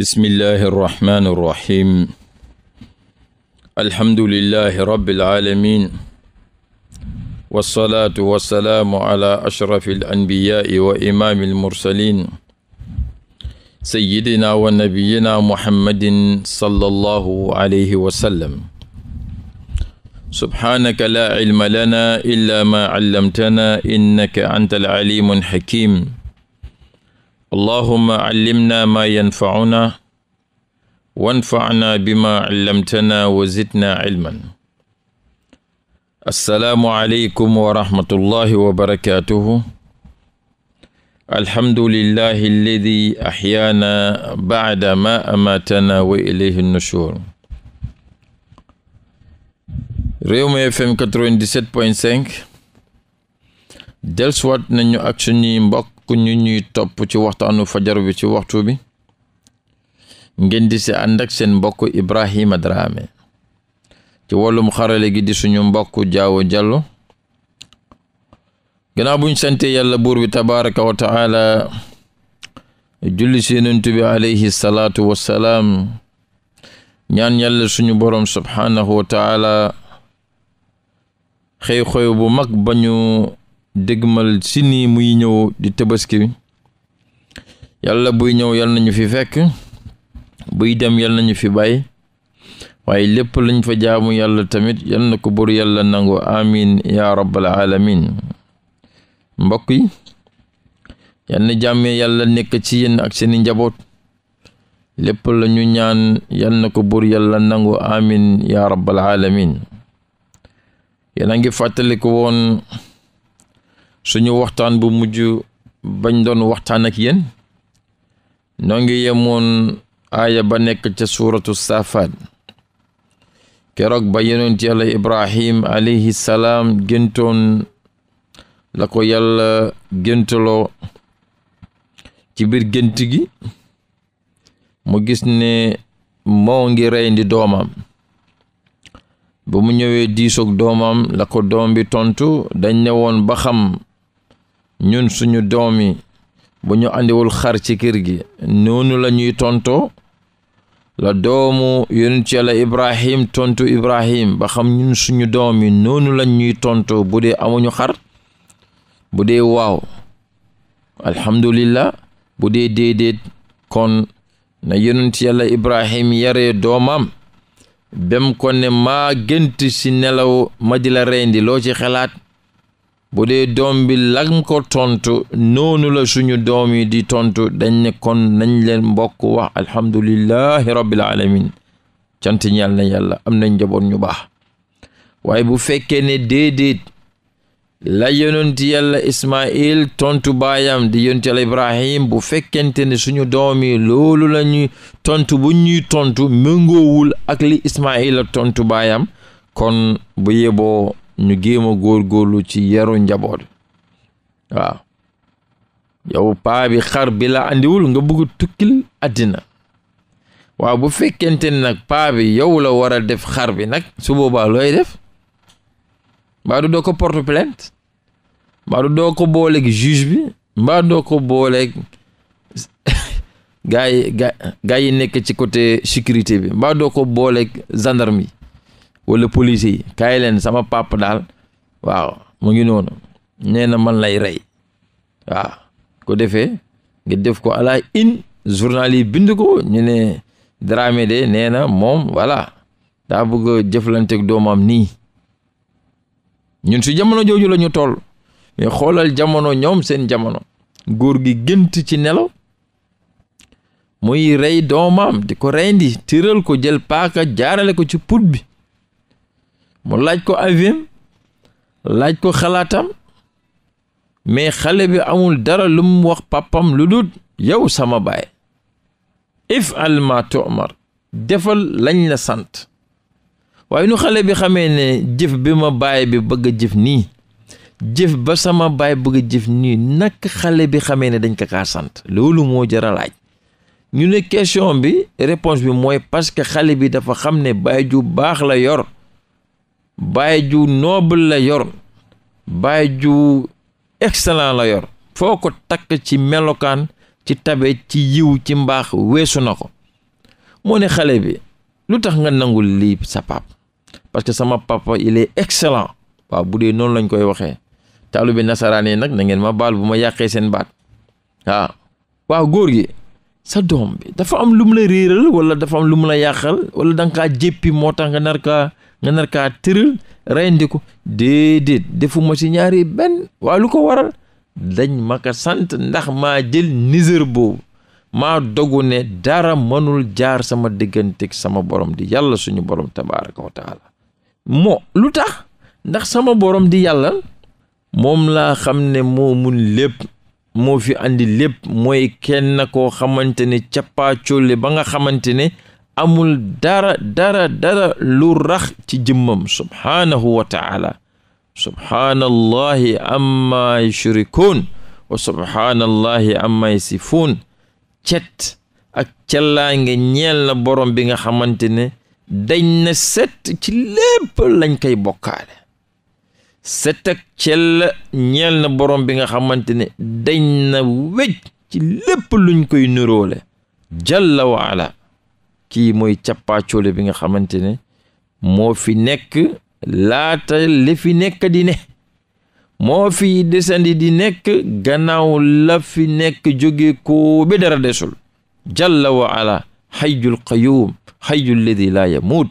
bismillahi irrahmani irrahim alhamdulilahi rabiilalamin walsalaatu walsalaamu ala ashrafi alanbiyaai wa imaami almursalin sayidina wa nabiyina muhammadin sala allahu alayhi wa sallam subhaanaka laa cilma lana illa maa callamtana innaka anta alcalimu alxakim allahuma callimna maa yanfacunaa wanfacnaa bimaa callamtanaa wa zidnaa cilman assalaamu aleykum wa rahmatullahi wa barakaatuhu alhamdulillahi alladi axyaanaa bacda maa amaatanaa wa ilayhi nushuur Rewmi FM 97 point 5 delsuwaat nañu ak suñuy mbokk ñu ñuy topp ci waxtaanu fajar ci waxtu bi ngeen di si ànd ak seen mbokk Ibrahima Drame ci wàllum xarale gi di suñu mbokk Jaawo Jallo gannaaw buñ sante yàlla buur bi tabaraka wa taala julli si yonent bi salaatu wassalaam ñaan yàlla suñu boroom subhaanahu wa taala xëy bu mag bañu dégmal si nii muy ñëw di tabaski bi yàlla buy ñëw yal nañu fi fekk buy dem yal nañu fi bàyyi waaye lépp lañ fa jaamu yàlla tamit yal ko buur yàlla nangu amin ya rabbal alamin mbokk yi yal na yàlla nekk ci yenn ak seeni njaboot lépp lañu ñaan yal ko buur yàlla nangu amin ya rabbal alamin yéen ngi fàttali woon suñu waxtaan bu mujj bañ doon waxtaan ak yen noo ngi yemoon aaya ba nekk ca suuratu saafaat keroog ba yenoon yonent yàlla ibrahim alayhi salaam géntoon la ko yàlla géntaloo ci biir gént gi mu gis ne moo ngi reyndi doomam ba mu ñëwee diisoog doomam la ko doom bi tontu dañ ne woon ba xam ñun suñu doom yi bu ñu àndiwul xar ci kër gi noonu la ñuy tontoo la doomu yonent yàlla ibrahim tontu ibrahim ba xam ñun suñu doom yi noonu la ñuy tontoo bu dee amuñu xar bu dee waaw alhamdulillah bu dee déedéet kon na yonent yàlla ibrahim yaree doomam bem ko ne maa gént si nelaw ma di la reyndi loo ci xalaat bu dee doom bi lam tontu noonula suñu doom yi di tontu dañ ne kon nañ leen mbokk wax alhamdulillahi rabbil alamin cant ñal na yàlla am nañ njaboot ñu baax waaye bu fekkee ne déedéet la yonenti yàlla ismail tontu baayam di yonenti yàlla ibrahim bu fekkente ne suñu doom yi loolu la tontu bu ñuy tontu méngoowul ak li ismail la tontu baayam kon bu yeboo ñu géem a góorgóorlu ci yaru njaboot waaw yow paa bi xar bi la andiwul nga bugg tukkil addina waaw bu fekkente ne nag paa bi yow la war def xar bi nag su boobaa looy def mbaa doo ko porte plainte mbaa doo ko booleek juge bi mbaa doo ko booleeg gaa yi gaa yi nekk ci côté sécurité bi mbaa doo ko booleek gendarme yi wala police yi kaay leen sama pàpp daal waaw mu ngi noonu nee na man lay rey waaw ko defee nga def ko ala in journal yi bind ko ñu ne Dramé de nee na moom voilà daa bëgg jëflanteeg doomam nii ñun su jamono jooju la ñu toll mais xoolal jamono ñoom seen jamono góor gi gënt ci nelaw muy rey doomam di ko reyndi tëral ko jël paaka jaarale ko ci put bi mu laaj ko avim laaj ko xalaatam mais xale bi amul dara lu mu wax papam lu dul yow sama baay if al ma defal lañ la sant waaye nu xale bi xamee ne jëf bi ma baay bi bëgg a jëf nii jëf ba sama baay bëgg a jëf nii nak xale bi xamee ne dañ ko kaa sant loolu moo jar a ñu ne question bi réponse bi mooy parce que xale bi dafa xam ne baay ju baax la yor baay ju noble la yor baay ju excellent la yor foo ko takk ci melokaan ci tabe ci yiw ci mbaax weesu na ko moo ne xale bi lu tax nga nangu lii sa pap parce que sama papa il est waaw bu dee noonu lañ koy waxee taalu bi nasaraan yi nag na ngeen ma baal bu ma yàqee seen baat waaw góor gi sa doom bi dafa am lu mu la réeral wala dafa am lu mu la yàqal wala da kaa jéppi moo tax nga nar kaa nga nar kaa tëral rendi ko déedéet defuma ci ñaari benn waa lu ko waral dañ ma sant ndax maa jël nisër boobu maa dogu ne dara mënul jaar sama digganteeg sama borom di yàlla suñu borom tabaaraka wa moo lu tax ndax sama borom di yàlla moom laa xam ne moo mun moo fi andi lépp mooy kenn koo xamante ne cappaacolle ba nga xamante ne amul dara dara dara lu rax ci jëmmam subhaanahu wa taala subhaanallahi amma yushrikuun wa subhaanallahi amma yasifuun cet ak cellaange ñeel na borom bi nga xamante ne dañ na set ci lépp lañ koy bokkaale set ak ñeel na borom bi nga xamante ne dañ na wej ci lépp luñ koy nuroole jalla wa ala kii mooy cappaacoole bi nga xamante ne moo fi nekk laata li fi nekk di ne moo fi desandi di nekk gannaaw la fi nekk jóge ko ba dara desul jalla wa ala xayyul qayyum xayyul ladi laa yamuut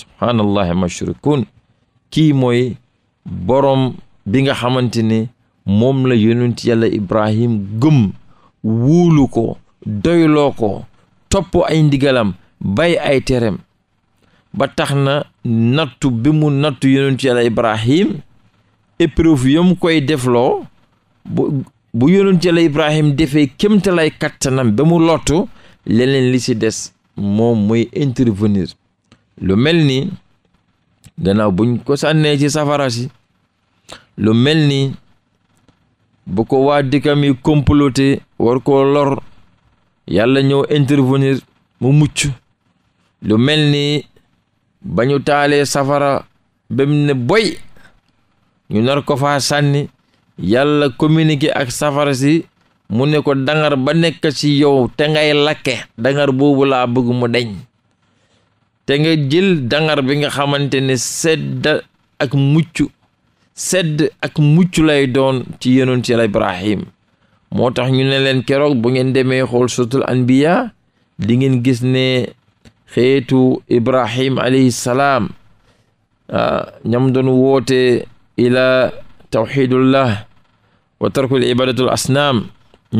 subhaanallahi mashrikun kii mooy borom bi nga xamante ne moom la yonent yàlla ibrahim gëm wuulu ko doyloo ko topp ay ndigalam bay ay tereem ba tax na nattu bi mu nattu yonentu yàlla ibrahim épreuve yam koy defloo bu bu yonentu yàlla ibrahim defee kémtalay kattanam ba mu lottu leneen li ci des moom muy intervenir lu mel ni ganaaw buñ ko sànnee ci safara si lu mel ni bu ko waa dikkam yi comploté war koo lor yàlla ñëw intervenir mu mucc lu mel nii ba ñu taalee safara ba mu ne boy ñu nar ko fa sànni yàlla communiqué ak safara si mu ne ko dangar ba nekk ci yow te ngay lakke dangar boobu laa bëgg mu deñ te nga jël dangar bi nga xamante ne sedd ak mucc sedd ak mucc lay doon ci yonent Yàlla Ibrahim moo tax ñu ne leen keroog bu ngeen demee xool anbiya di ngeen gis ne xeetu ibrahim alayhi salaam ah, ñam doon woote ila tawxidullah wa tarkul ibadatul asnaam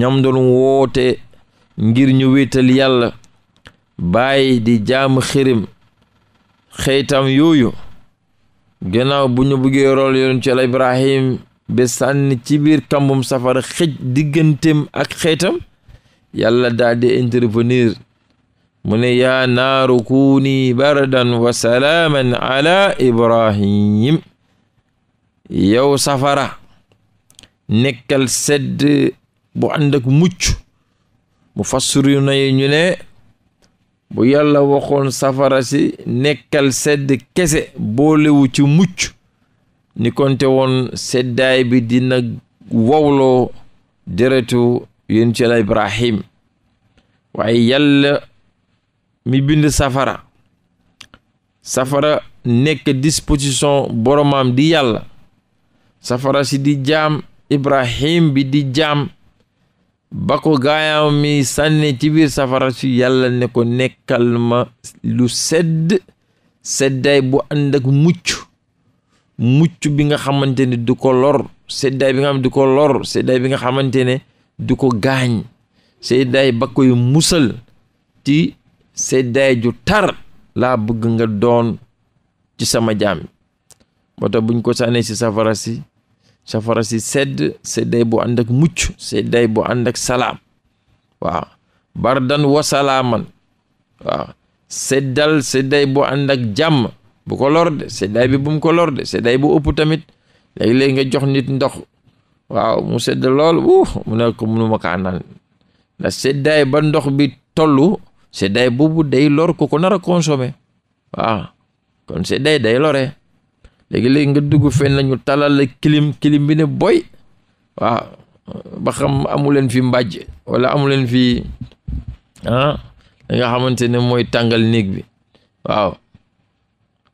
ñam woote ngir ñu wéetal yàlla bàyyi di jaamu xirim xeytam yooyu gannaaw bu ñu buggee rool yoon ci al ibrahim ba sànni ci biir kambum safara xëj digganteem ak xeytam yàlla daal di mu ne yaa naaru kuuni bardan wa salaaman ala ibrahim yow safara nekkal sedd bu ànd mucc mu fassiru na ñu ne bu yàlla waxoon safara si nekkal sedd kese boolewu ci mucc ni konte woon seddaay bi dina wowloo deretu yén ci ibrahim waaye yàlla mi bind safara safara nekk disposition boromam di yàlla safara si di jaam ibrahim bi di jaam ba ko gaayam mi sànne ci biir safara si yàlla ne ko nekkal ma lu sedd seddaay bu ànd ak mucc mucc bi nga xamante ne du ko lor seddaay bi nga xam du bi nga xamante ne du ko gaañ seddaay ba koy musal ci seddaay ju tar laa bëgg nga doon ci sama jaam moo tax buñ ko sànnee si safara si safara si sedd seddaay bu ànd ak mucc seddaay bu ànd ak salaam waaw bardan wa salaaman waaw seddal seddaay bu ànd ak jàmm bu ko lor de seddaay bu ëpp tamit léeg-léeg nga jox nit ndox waaw mu sedd lool wuu mu ne ko mënuma kaa naan ndax seddaay ba ndox bi tollu seddaay boobu day lor ko ko nar a consommer waaw ah, kon seddaay day lore léegi-léegi nga dugg fenn lañu talal la clim clim bi ne boy waaw ah, ba xam amuleen fi mbàjj wala amuleen fi ah da nga xamante ne mooy tàngal néeg bi waaw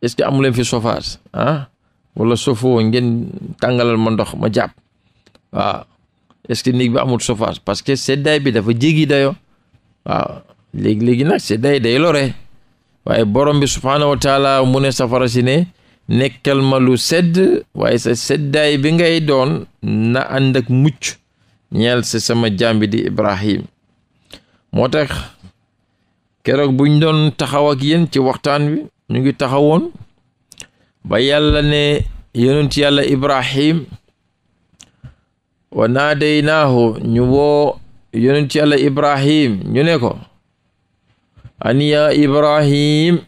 ce que amuleen fi chauffage ah wala sofo ngeen tàngalal ma ndox ma jàpp waaw ah, est que néeg bi amul chauffage parce que seddaay bi dafa jéggi dayo waaw léegi-léegi nag si day day waaye borom bi subhaanahu mu ne safara si ne nekkal ma lu sedd waaye sa seddaay bi ngay doon na ànd mucc ñal si sama jàmbi di Ibrahim moo tax keroog buñ doon taxaw ak yéen ci waxtaan wi ñu ngi taxawoon ba yàlla ne yonent yàlla Ibrahim wa naadeynaahu ñu woo yonent yàlla Ibrahim ñu ne ko an yaa ibrahim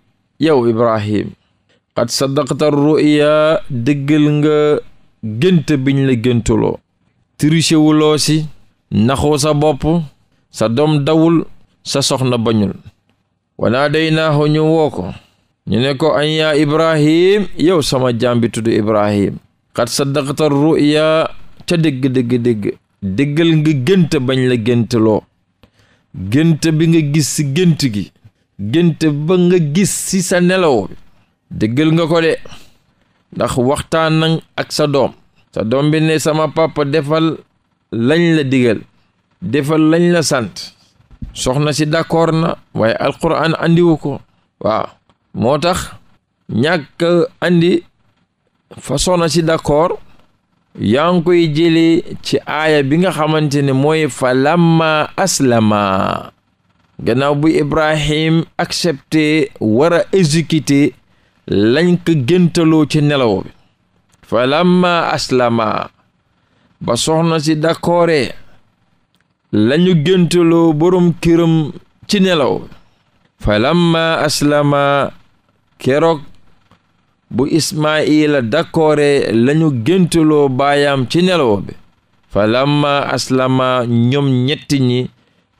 yow ibrahim qad sadaqta ruya dëggal nga gént biñ la géntuloo trichewuloo si naxoo sa bopp sa doom dawul sa soxna bañul wanaa day naaxu ñu woo ko ñu ne ko an yaa ibrahim yow sama jàmbi tudd ibrahim qad sadaqta ruya ca dégg-dégg-dégg déggal nga gént bañ la géntloo gént bi nga gis si gént gi gént ba nga gis ci sa nelaw bi dëggal nga ko de ndax waxtaan ak sa doom sa doom bi ne sama papa defal lañ la digal defal lañ la sant soxna si d'accord na waaye alquran andiwu ko waaw moo tax ñàkk andi fa soxna si d'accord yaa ngi koy jëlee ci aaya bi nga xamante ne mooy fa lamma aslama gannaaw bu Ibrahim accepté wara a exécuté lañ ko géntaloo ci nelaw bi falamma aslama ba soxna si dakkoore lañu géntaloo borom këram ci nelaw bi falamma aslama keroog bu Ismaila dakkoore lañu géntaloo baayam ci nelaw bi falamma aslama ñoom ñetti ñi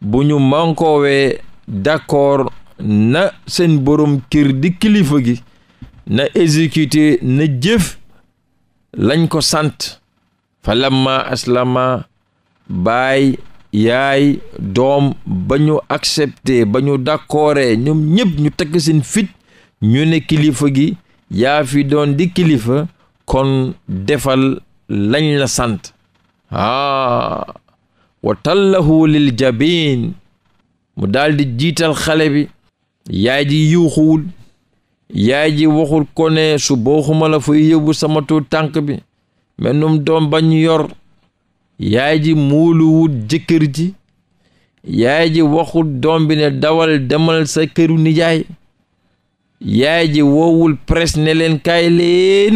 bu ñu mànkoowee d'accord na seen borom kër di kilifa gi na exécuter na jëf lañ ko sant fa lamma aslama baay yaay doom ba ñu accepté ba ñu d'accordé ñoom ñëpp ñu takk seen fit ñu ne kilifa gi yaa fi doon di kilifa kon defal lañ la sant ah wa tallahu lil mu daldi jiital xale bi yaay ji yuuxuwul yaay ji waxul ko ne su booxuma la fay yóbbu sama tànk bi mennum doom bañ yor yaay ji muuluwul jëkkër ji yaay ji waxul doom bi ne dawal demal sa këru nijaay yaay ji woowul presse ne leen kaay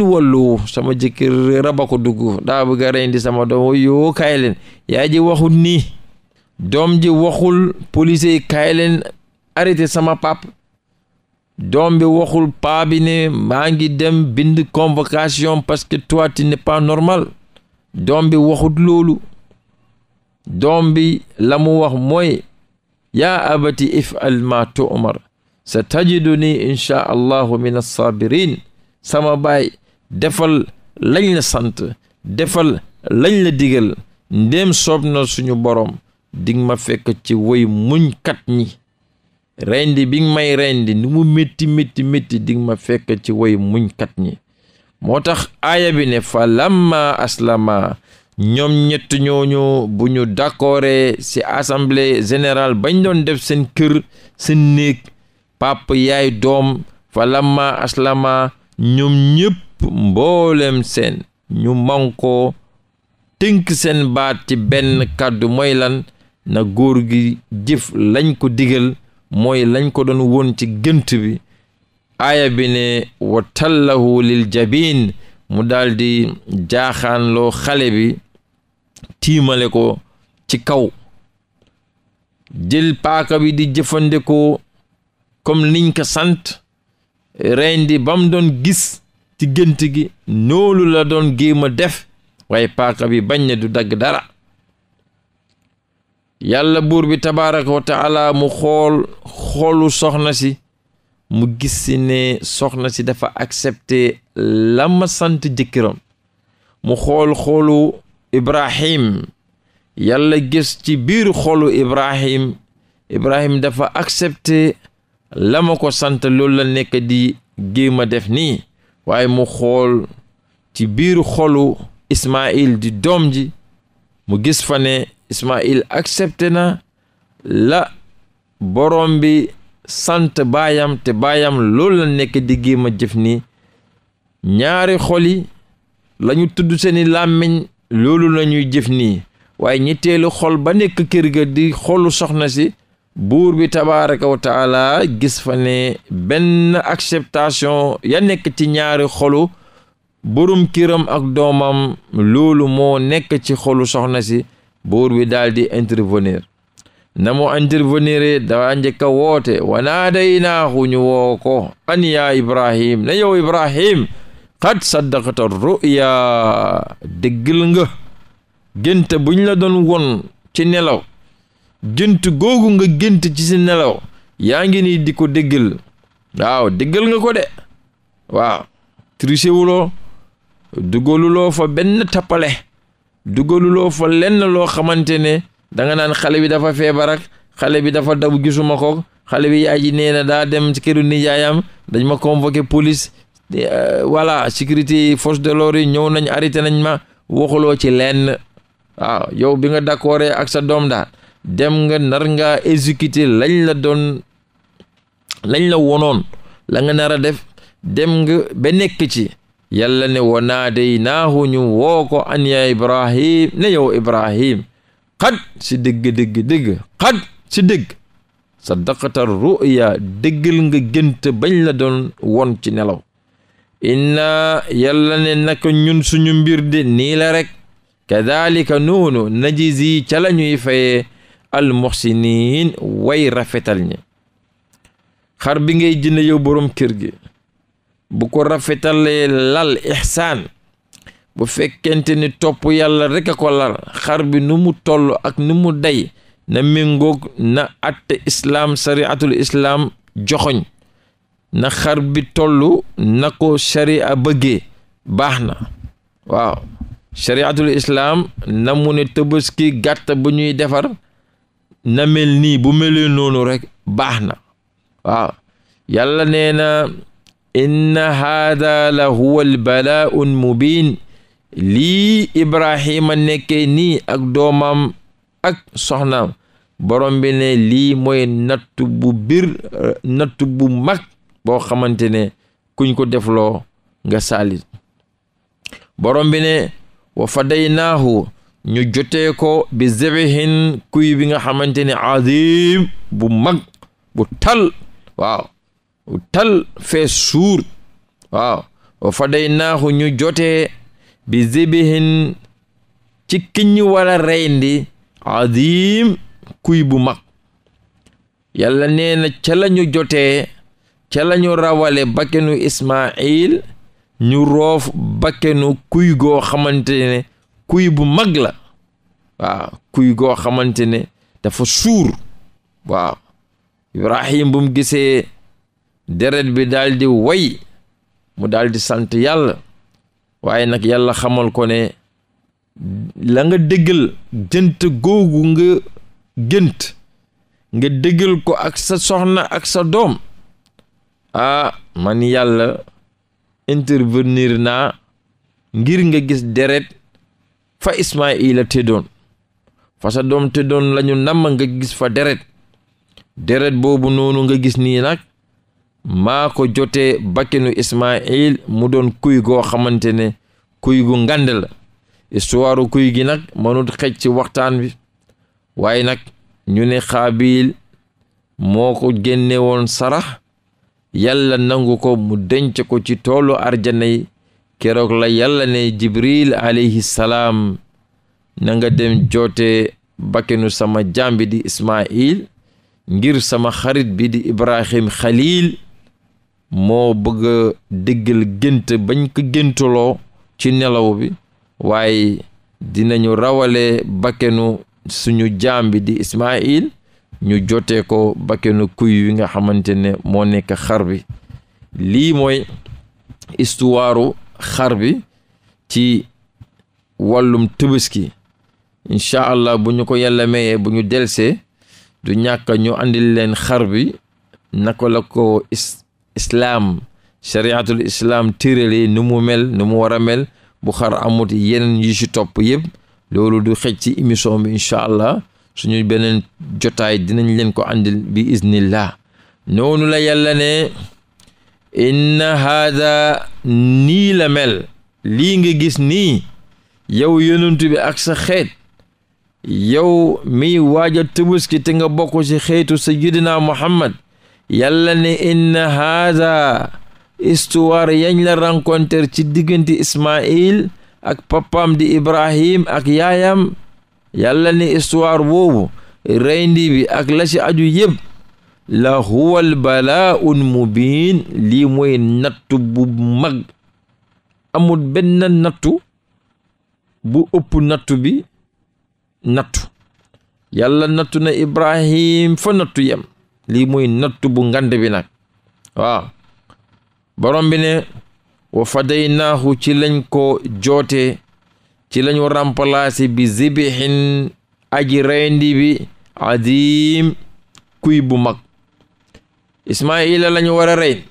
wallu sama jëkkër raba ko dugg daa bëgg a rendi sama doom yoo kaay leen yaay ji waxul nii doom ji waxul police yi kaay arrêté sama pap doom bi waxul paa bi maa ngi dem bind convocation parce que toi normal doom bi waxul loolu doom bi la mu wax mooy yaa abati if'al ma tu'mar sa ni inchaa allahu min assabirin sama baay defal lañ sant defal lañ la digal ndéem soob na suñu borom dig ma fekk ci woy muñkat ñi rendi bi may rendi ni mu métti métti métti dig ma fekk ci woy muñkat ñi moo tax aaya bi ne fa lamma aslama ñoom ñett ñooñu bu ñu d'accord si assemblée générale bañ doon def seen kër seen néeg pàpp yaay doom fa lamma aslama ñoom ñëpp mboolem seen ñu mànkoo tënk seen baat ci benn kàddu moy lan na góor gi jëf lañ ko digal mooy lañ ko doon won ci gént bi aaya bi ne wa tallahu lil jabin mu daldi jaaxaanloo xale bi tiimale ko ci kaw jël paaka bi di jëfandikoo comme niñ ko sant reyn bam doon gis ci gi noolu la doon géem a def waaye paaka bi bañ ne du dagg dara yàlla buur bi tabaaraka wa taala mu xool xoolu soxna si mu gis si ne soxna si dafa accepté la sant jëkkëram mu xool xoolu Ibrahim yàlla gis ci biir xoolu Ibrahim Ibrahim dafa accepté la ma ko sant loolu la nekk di géem a def nii waaye mu xool ci biiru xolu Ismaïl di doom ji mu gis fa ne ak accepté na la borom bi sant baayam te baayam loolu la nekk di géem a jëf nii ñaari xol lañu tudd seeni làmmiñ loolu lañuy jëf nii waaye ñetteelu xol ba nekk kër ga di xolu soxna si buur bi tabaaraka wa taala gis fa ni benn acceptation ya nekk ci ñaari xolu borom kiram ak doomam loolu moo nekk ci xolu soxna si buur bi daldi di intervenir na mu intervenir daa njëkk a woote wanaa day naaxu ñu woo ko an yaa ibrahim na yow ibrahim xat saddaqata ruya dëggal nga gént buñ la doon won ci nelaw jënt googu nga gént ci si nelaw yaa ngi nii di ko déggal waaw dëggël nga ko de waaw trichewuloo dugaluloo fa benn tappale dugaluloo fa lenn loo xamante ne danga naan xale bi dafa feebarak xale bi dafa daw gisuma ko xale bi yaay ji nee na daa dem ci këru nijaayam dañ ma convoqué police euh, voilà sécurité force de l'ordre yi ñëw nañ arrêté nañ ma waxuloo ci lenn waaw yow bi nga d'accordé ak sa doom daal dem nga nar ngaa exécuter lañ la doon lañ la wonoon la nga nara def dem nga ba nekk ci yàlla ne wa naadaynaahu ñu woo ko an yaa ibrahim ne yow ibrahim xad si dëgg dëgg dëgg xad si dëgg saddaqata ruya dëggal nga gënt bañ doon won ci nelaw inna yàlla ne naka ñun suñu mbir de nii la rek kadalika noonu najisi ca la fayee al muhsinin way rafetal ñi xar bi ngay jënd yow boroom kër gi bu ko rafetalee lal ihsaan bu fekkente ni topp yàlla rekk a ko lal xar bi nu mu toll ak nu mu day na méngoog na atte islaam sariatul islaam joxoñ na xar bi toll na ko sharia bëggee baax na waaw shariatul islaam na mu ne tabaski gàtt bu ñuy defar na mel nii bu melee noonu rekk baax na waaw yàlla nee na inna haada la huwa albalaa'u mubiin lii ibrahima nekkee nii ak doomam ak soxnaam borom bi ne lii mooy nattu bu bir nattu bu mag boo xamante ne kuñ ko defloo nga saalit borom bi ne wa fadaynaahu ñu jotee ko bi zebehin kuy bi nga xamante ni azim bu mag bu tal waaw bu tal fees suur waaw wa fadaynaahu ñu jotee bi zebehin ci ki ñu war a reyndi kuy bu mag yàlla neena na ca la ñu jotee ca la ñu rawale bakkenu ismail ñu roof bakkenu kuy goo xamante ne kuy bu mag la waaw kuy goo xamante ne dafa suur waaw ibrahim bu mu gisee deret bi daal way mu daldi sant yàlla waaye nag yàlla xamal ko ne la nga dëggal jënt googu nga gént nga dëggal ko ak sa soxna ak sa doom ah man yàlla intervenir naa ngir nga gis deret fa Ismaayila tëddoon fa sa doom tëddoon lañu namm nga gis fa deret deret boobu noonu nga gis nii nag maa ko jotee bakkenu Ismaayil mu doon kuy goo xamante ne kuy gu ngànd la istuwaaru kuy gi nag mënut xej waxtaan bi waaye nag ñu ne xaabil moo ko génne woon sarax yàlla nangu ko mu denc ko ci toolu arjana yi keroog la yàlla ne jibriil alayhi salaam na nga dem jote bakkenu sama jaam bi di ismail ngir sama xarit bi di ibrahim xalil moo bëgg a déggal gént bañ ko géntuloo ci nelaw bi waaye dinañu rawale bakkenu suñu jaam bi di ismail ñu jotee ko bakkenu kuy wi nga xamante ne moo nekk xar bi lii mooy istuwaaru xar bi ci wàllum tëbaski incha allah bu ñu ko yàlla mayee bu ñu delsee du ñàkk ñu andil leen xar bi naka la ko is islaam chariatul islaam tërale nu mu mel nu mu war a mel bu xar amut yeneen yu ci topp yëpp loolu du xej ci émission bi incha allah suñu beneen jotaay dinañ leen ko andil bi iznillah noonu la yàlla ne inna haada nii mel lii nga gis nii yow yonent bi ak sa xeet yow miy waaja tubuski te nga bokk ci xeetu sayyidina muhammad yàlla ne inna haada histoire yañ la rencontre ci diggante ismail ak papaam di ibrahim ak yaayam yàlla ne histoire woowu reyndi bi ak la aju yëpp la huwal balaaun mubin lii mooy nattu bu mag amul benn nattu bu ëpp nattu bi nattu yàlla nattu na ibrahim fa nattu yem lii nattu bu ngand bi nag waaw borom bi ne wa fadaynaahu ci lañ ko joote ci lañu remplacer bi zibixin aji reyndi bi azim kuy bu mag ismaila la ñu war a rey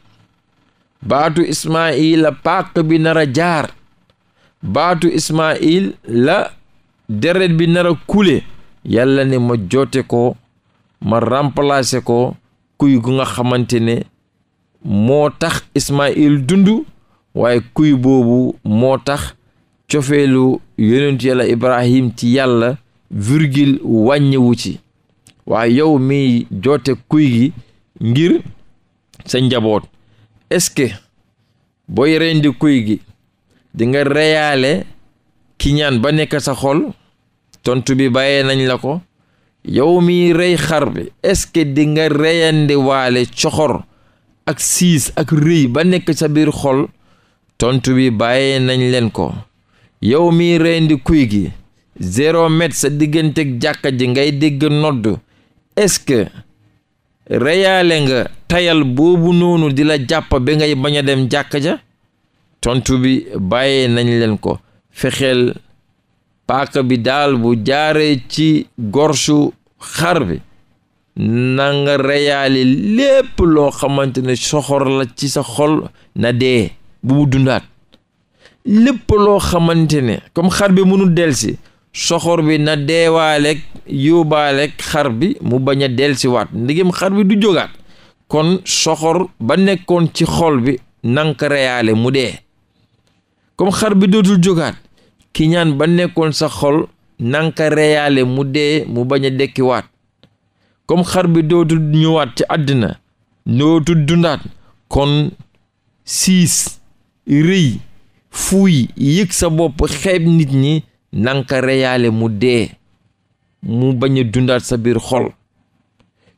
baatu ismaila pàq bi nar jaar baatu ismail la deret bi nara a kule yàlla ne ma joote ko ma remplacer ko kuy gu nga xamante ne moo tax ismail dund waaye kuy boobu moo tax cofeelu yonentu yàlla ibrahim ci yàlla virgule wàññiwu ci waaye yow mi joote kuy gi ngir sa njaboot est-ce booy rendi kuy gi dinga nga reyaale ki ñaan ba nekk sa xol tontu bi bàyyee nañ la ko yow mi rey xar bi est-ce que di nga reyandi waale coxor ak siis ak rëy ba nekk sa biir xol tontu bi bàyyee nañ leen ko yow mii reyndi kuy gi zéro sa digganteeg jàkka ji ngay dégg nodd est-ce reyaale nga tayal boobu noonu di la jàpp ba ngay bañ a dem jàkk ja tontu bi bàyyee nañ leen ko fexeel paaka bi daal bu jaaree ci gorsu xar bi na nga reyaale lépp loo xamante ne soxor ci sa xol na dee bu mu dundaat lépp loo xamante ne comme xar bi mënul delsi soxor bi na deewaaleeg yóbbaaleeg xar bi mu bañ a dellusiwaat ndigim xar bi du jógaat kon soxor ba nekkoon ci xool bi nanka reyaale mu dee xar bi dootul jógaat ki ñaan ba nekkoon sa nanka reyaale mu dee mu bañ a dekkiwaat comme xar bi dootul ñëwaat ci àddina dootul dundaat kon siis rëy fuuy yëg sa bopp xeeb nit ñi nanka reyaale mu dee mu bañ dundaat sa biir xol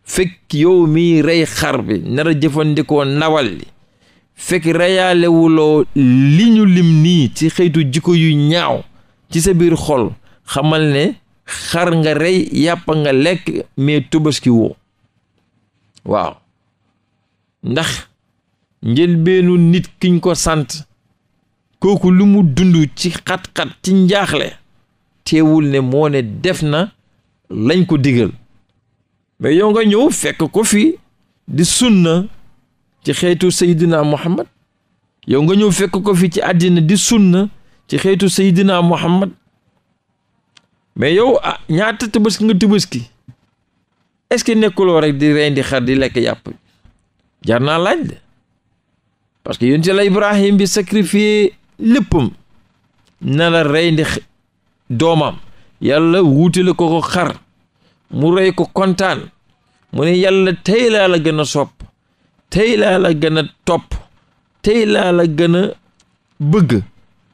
fekk yow mi rey xar bi nara jëfandikoo nawal li fekk reyaale li ñu lim nii ci xëytu jikko yu ñaaw ci sa biir xol xamal ne xar nga rey yàpp nga lekk mais tubaski waaw ndax njëlbeenu nit kiñ ko sant kooku lu mu dund ci xat-xat ci njaaxle teewul ne moo ne def na lañ ko digal mais yow nga ñëw fekk ko fi di sunna ci xeetu Seydina Muhammad yow nga ñëw fekk ko fi ci àddina di sunna ci xeetu Seydina Muhammad mais yow ah ñaata tabaski nga tabaski est-ce que nekkuloo rek di rendi xar di lekk yàpp jar naa de parce que yonent Yàlla Ibrahim bi sacrifié lépp na la rendi doomam yàlla wuutale ko ko xar mu rey ko kontaan mu ne yàlla tey la gën a sopp tey laa la gën a topp tey laa la gën a bëgg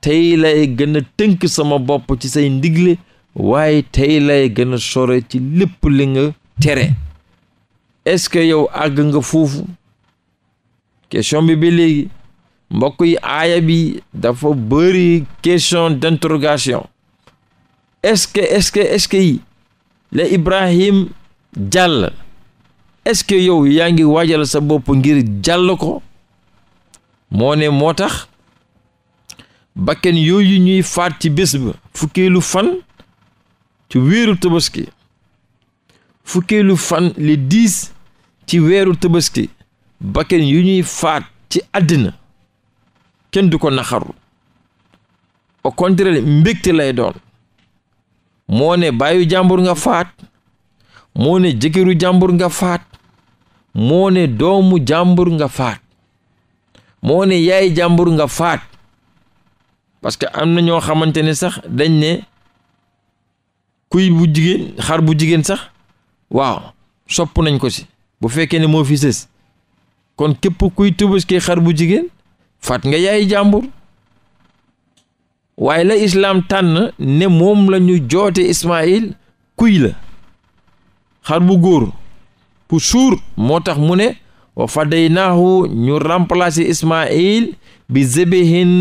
tey lay gën a tënk sama bopp ci say ndigle waaye tey lay gën a sore ci lépp li nga tere est-ce que yow àgg nga foofu question bi ba léegi mbokk yi aaya bi dafa bëri question d'interrogation est-ce que est-ce que est-ce que yi la Ibrahim jàll est-ce que yow yaa ngi waajal sa bopp ngir jàll ko moo ne moo tax bakken yooyu ñuy faat ci bés ba fukkeelu fan ci weeru tabaski fukkeelu fan le diis ci weeru tabaski bakken yu ñuy faat ci àddina kenn du ko naxaru au contraire mbégte lay doon moo ne baayu jàmbur nga faat moo ne jëkkëru jàmbur nga faat moo ne doomu jàmbur nga faat moo ne yaay jàmbur nga faat parce que am na ñoo xamante ne sax dañ ne kuy bu jigéen xar bu jigéen sax waaw sopp nañ ko si bu fekkee ne moo fi sës kon képp kuy tëbëskee xar bu jigéen faat nga yaay jàmbur waaye la islaam tànn ne moom la ñu joote Ismaayil kuy la xar bu góor pu suur moo tax mu ne wa fadaynaahu ñu remplacer Ismaayil bi zebehin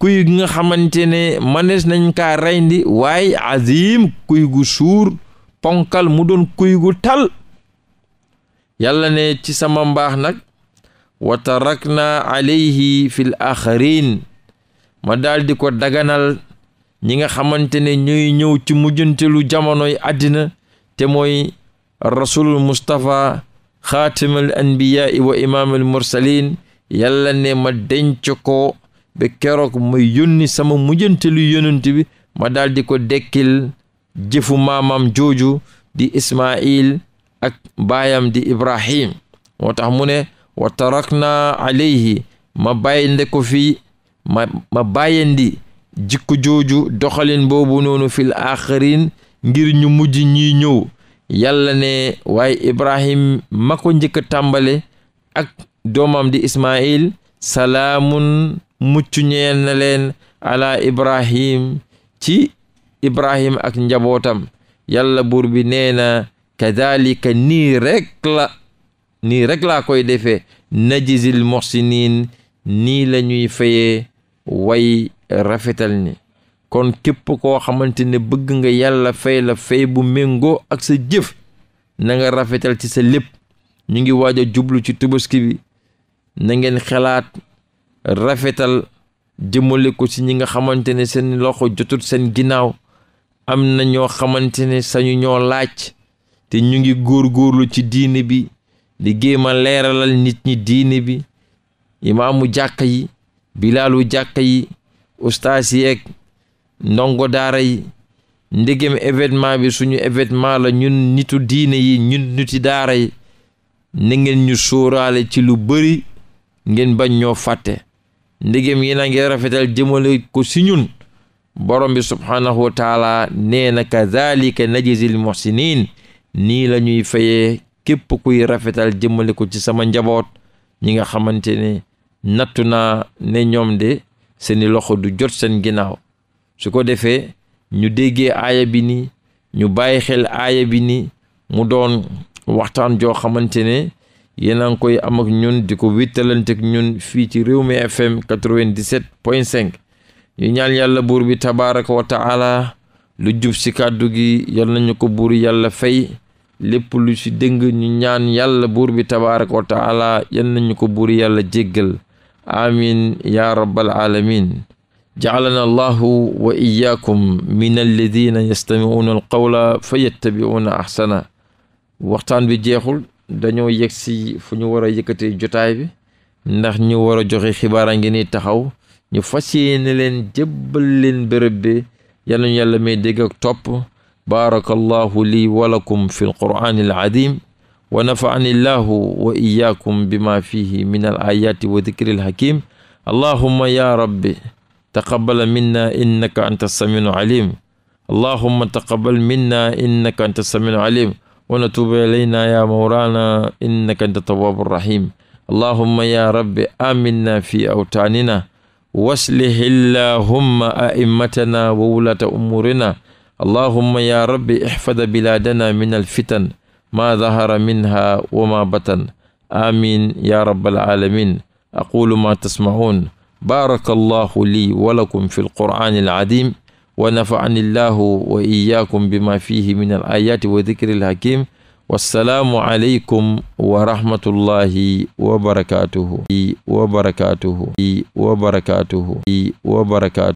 kuy nga xamante ne manees nañ kaa reyndi waaye azim kuy gu suur ponkal mu doon kuy gu tal yàlla ne ci sama mbaax nag wa tarakna alayhi fil axarin ma daldi ko daganal ñi nga xamante ne ñuy ñëw ci mujjantelu jamonoy àddina te mooy rasulul mustapha xaatimal anbiyaa'i wa imaamul mursalin yàlla ne ma denc ko ba keroog ma yónni sama mujjantelu yonent bi ma daal di ko dekkil jëfu maamam jooju di ismail ak baayam di ibrahim moo tax mu ne wa tarakna alayhi ma bàyyinde ko fii ma ma bàyyandi jooju doxalin boobu noonu fil aaxirin ngir ñu mujj ñiy ñëw yàlla ne waaye ibrahim ma ko njëkk tàmbale ak doomam di ismail salaamun mucc ñeel leen ala ibrahim ci ibrahim ak njabootam yàlla buur bi nee na kadalika nii rek nii rek laa koy defee najizil muhsinin nii la ñuy fayee way rafetal ni kon képp koo xamante ne bëgg nga yàlla fay la fay bu méngoo ak sa jëf nanga rafetal ci sa lépp ñu ngi waaj a jublu ci tubaski bi na ngeen xalaat rafetal jëmale ko ci ñi nga xamante ne seen loxo jotul seen ginnaaw am na ñoo xamante ne sañu ñoo laaj te ñu ngi góor góorlu ci diini bi di géema leeralal nit ñi diini bi imaamu jàq yi bilaalu jàkka yi ustaas yeeg ndongo daara yi ndegem événement bi suñu événement la ñun nitu diine yi ñun niti daara yi na ngeen ñu sóoraale ci lu bari ngeen bañ ñoo fàtte ndegem yéen a ngi rafetal jëmmale ko si ñun borom bi subhaanahu wa taala nee na kazalika najzil muhsinin nii lañuy ñuy fayee képp kuy rafetal jëmmale ko ci sama njaboot ñi nga xamante ne nattu na ne ñoom de seeni loxo du jot seen ginnaaw su ko defee ñu déggee aaya bi ni ñu bàyyi xel aaya bi ni mu doon waxtaan joo xamante ne yéen a koy am ak ñun di ko wittalante ñun fii ci réew mi FM 97.5 ñu ñaan yàlla buur bi tabaaraka wa taala lu jub si kàddu gi yal nañu ko buur yàlla fay lépp lu ci dëng ñu ñaan yàlla buur bi tabaaraka wa taala yal ko buur yàlla jéggal amin ya rabbal alamin jacalana allahu wa iyaakum min alladina yastamicuuna alqawla fa yattabicuuna axsana waxtaan bi jeexul dañoo yegg si fu ñu war a yëkkatee jotaay bi ndax ñu war a joxe xibaar a taxaw ñu fas yéene leen jébbal leen bërëb bi yal nañu yàlla may dégg topp baarakallahu lii walakum fi l qur'aani wa nafaani llahu wa iyaakum bima fihi min al ayaati wa dikri al hakim allahumma ya rabbi taqabala minna innaka anta samiu alim allahumma taqabal minna innaka anta samiu alim wa natuuba ilayna ya mawlana innaka anta tawaabu rahim allahumma ya rabbi aminna fi awtaanina waslih illahumma a'immatana wa wulata umurina allahumma ya rabbi ihfada biladana min alfitan maa dahara minha wa ma batan amin ya rabbal alamin aqulu ma tasma'un baraka allahu lii walakum fi alqur'ani aladim wa nafa'ani allahu wa iyaakum bima fihi min alayati wa dikri alhakim wassalaamu aleykum wa rahmatullahi wa barakatuhu wa barakatuhu wa barakatuhu wa barakatuhu